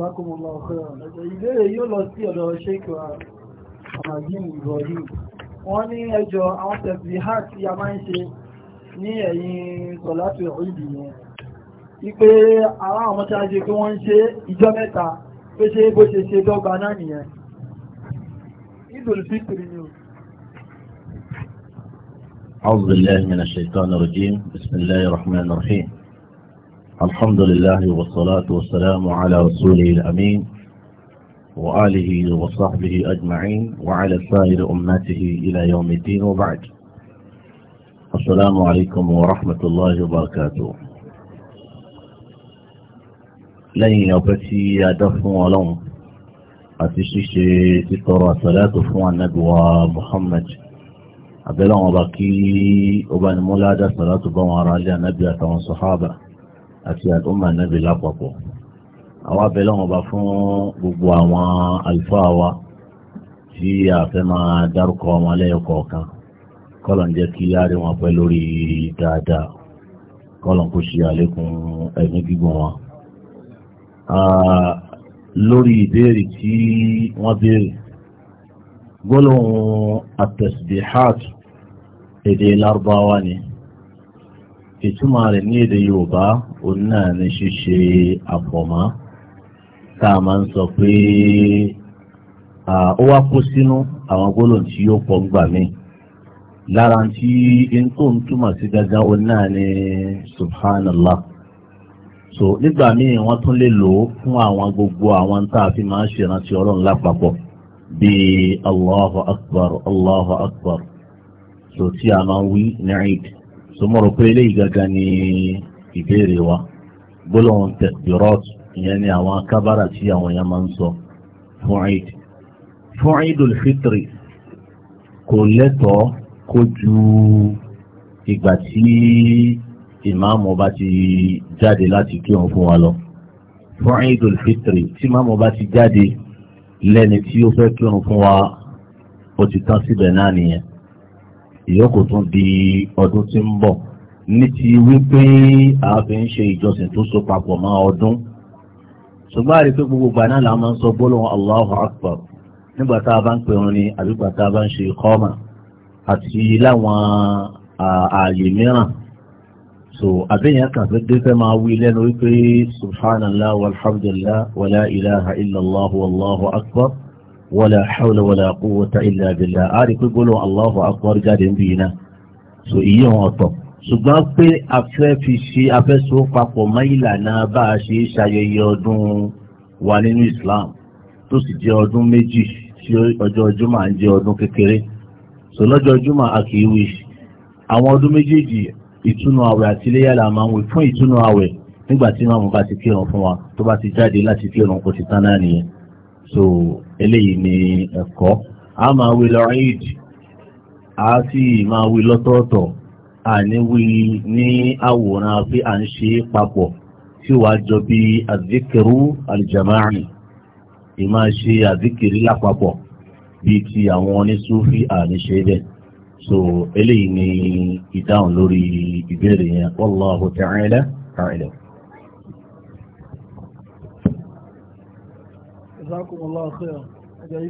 wákùnmù lọ ọ̀kọ́rọ̀ ìbéèrè yóò lọ sí ọ̀dọ̀ ṣékù àmàgín ìbọ̀yìn wọ́n ní ẹjọ́ àwọn tẹ̀sí hát tí a máa ń ṣe ní ẹ̀yìn sọ̀látù ìdì yẹn wípé àwọn ọmọ tí a ṣe pé wọ́n ń ṣe ìjọ mẹ́ta pé ṣe bó ṣe ṣe dọ́gba náà nìyẹn ìdòlù fífìrì ni o. أعوذ بالله من الشيطان الرجيم بسم الله الرحمن الرحيم الحمد لله والصلاة والسلام على رسوله الأمين وآله وصحبه أجمعين وعلى سائر أمته إلى يوم الدين وبعد السلام عليكم ورحمة الله وبركاته لن يبتي دفن ولوم أتشيشي تطرى صلاة فوى النبوى محمد أبلغ باكي أبن مولادة صلاة بوارا لنبيا وصحابه àti àtúmọ̀ ànábì lápapọ̀ àwọn abẹ́lẹ́ wọn bá fún gbogbo àwọn àlùfáà wa tí a fẹ́ máa dárúkọ wọn lẹ́yọkọ̀ọ̀kan kọ́lọ̀ ń jẹ́ kí á rí wọn pẹ́ lórí dáadáa kọ́lọ̀ kó ṣe àlékún ẹ̀mí gígùn wọn. lórí ìbéèrè tí wọ́n béèrè gbólóhùn àtẹ̀sìdìhàt èdè lárúbáwá ni. ìtumọ̀ rẹ̀ ní èdè yorùbá òun náà ni ṣíṣe àfọ̀mọ́ tá a máa ń sọ pé ó wá kó sínú àwọn gbólóhùn tí yóò pọ̀ gbà mí lára tí n ń túmọ̀ sí òun náà ni subhanallah so nígbà míì wọ́n tún lè lò ó fún àwọn gbogbo àwọn tá a fi máa allahu akbar allahu akbar so tí a máa ń wí ní so mo rò pé eléyìí gangan ni ìbéèrè wa gbólóhùn tẹ̀síọ́t ìyẹn ni àwọn akábára tí àwọn èèyàn máa ń sọ fún eid fún eidul fitri kò lẹ́tọ̀ọ́ kó ju ìgbà tí ìmáàmù bá ti jáde láti kírun fún wa lọ fún eidul fitri tí ìmáàmù bá ti jáde lẹ́ni tí ó fẹ́ kírun fún wa ó ti tán síbẹ̀ náà nìyẹn ìyókù tún di ọdún tí ń bọ̀ ní ti wípé a fi ń ṣe ìjọsìn tó so papọ̀ mọ́ ọdún ṣùgbọ́n àrí pé gbogbo gbà náà la máa ń sọ gbólóhùn Allahu Akbar nígbà tá a bá ń pè wọn ni àbígbà tá a bá ń ṣe kọ́mà àti láwọn ààyè mìíràn so àbẹ́yẹn kan fẹ́ dé fẹ́ máa wí lẹ́nu wípé subhanallah walhamdulillah wala ilaha illallah wallahu akbar wala hawla wala quwwata illa billah a rí pé gbólóhùn Allahu akbar jáde ń bì yín náà so iye wọn ọ̀tọ̀ ṣùgbọ́n pé afẹ́ fi ṣe afẹ́ so papọ̀ mọ́ ìlànà bá a ṣe ṣayẹyẹ ọdún wa nínú Islam tó sì jẹ́ ọdún méjì tí ọjọ́ Jímọ̀ ń jẹ́ ọdún kékeré so lọ́jọ́ Jímọ̀ a kì í wí àwọn ọdún méjèèjì ìtúnu àwẹ̀ àti iléyà la máa ń wí fún ìtúnu àwẹ̀ nígbà tí màmú bá ti kírun fún wa tó bá ti jáde láti kírun kò ti tán náà nìyẹn so eléyìí ni ẹ̀kọ́ a máa wí lọ eid a sì máa wí lọ́tọ̀ọ̀tọ̀ a ní wí ní àwòrán pé à ń ṣe papọ̀ tí wàá jọ bí azikiri aljamari ìmáa ṣe azikiri lápapọ̀ bí ti àwọn onísúfì àníṣe bẹ́ẹ̀ so eléyìí ni ìdáhùn lórí ìbéèrè yẹn wallahu ta'ala ta'ala. جزاكم الله خيرا